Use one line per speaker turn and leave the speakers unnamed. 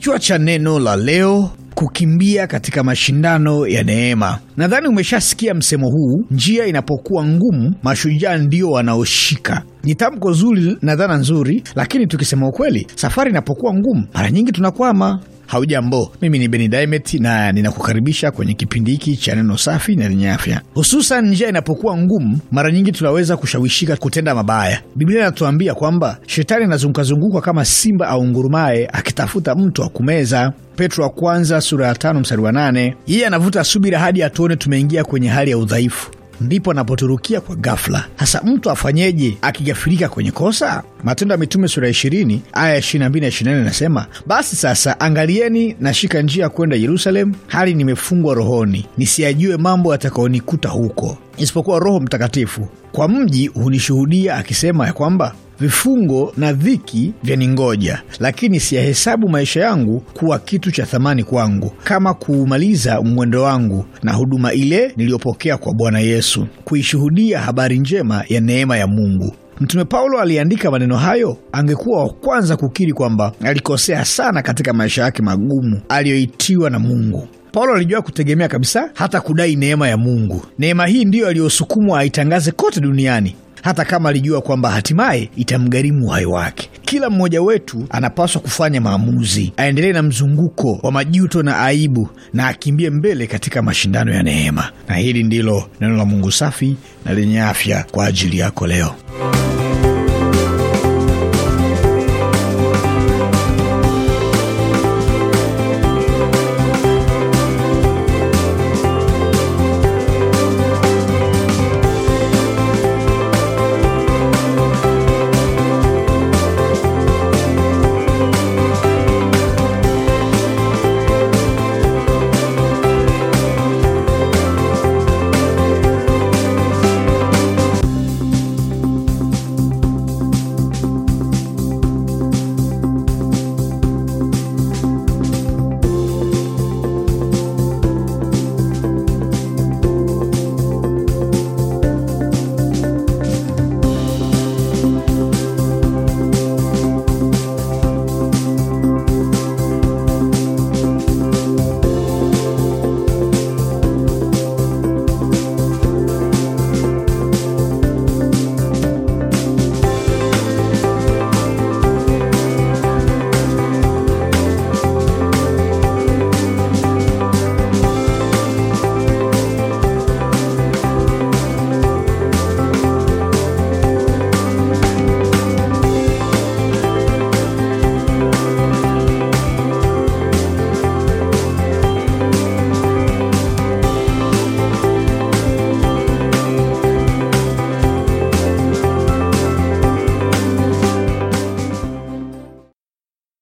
Kichwa cha neno la leo kukimbia katika mashindano ya neema. Nadhani umeshasikia msemo huu, njia inapokuwa ngumu, mashujaa ndio wanaoshika. Ni tamko zuri na dhana nzuri, lakini tukisema ukweli, safari inapokuwa ngumu, mara nyingi tunakwama. Haujambo, mimi ni Beni Daimet na ninakukaribisha kwenye kipindi hiki cha neno safi na lenye afya. Hususan njia inapokuwa ngumu, mara nyingi tunaweza kushawishika kutenda mabaya. Biblia inatuambia kwamba shetani anazungukazunguka kama simba aungurumaye akitafuta mtu wa kumeza. Petro wa kwanza sura ya tano mstari wa nane. Yeye anavuta subira hadi atuone tumeingia kwenye hali ya udhaifu ndipo anapoturukia kwa ghafla. Hasa mtu afanyeje akigafirika kwenye kosa? Matendo ya Mitume sura 20 aya ya 22 na 24 inasema, basi sasa angalieni, nashika njia ya kwenda Yerusalemu, hali nimefungwa rohoni, nisiyajue mambo yatakaonikuta huko, isipokuwa Roho Mtakatifu kwa mji hunishuhudia akisema ya kwamba vifungo na dhiki vyaningoja, lakini siyahesabu maisha yangu kuwa kitu cha thamani kwangu, kama kuumaliza mwendo wangu na huduma ile niliyopokea kwa Bwana Yesu, kuishuhudia habari njema ya neema ya Mungu. Mtume Paulo aliandika maneno hayo, angekuwa wa kwanza kukiri kwamba alikosea sana katika maisha yake magumu aliyoitiwa na Mungu. Paulo alijua kutegemea kabisa hata kudai neema ya Mungu. Neema hii ndiyo aliyosukumwa aitangaze kote duniani, hata kama alijua kwamba hatimaye itamgharimu uhai wake. Kila mmoja wetu anapaswa kufanya maamuzi, aendelee na mzunguko wa majuto na aibu, na akimbie mbele katika mashindano ya neema. Na hili ndilo neno la Mungu safi na lenye afya kwa ajili yako leo.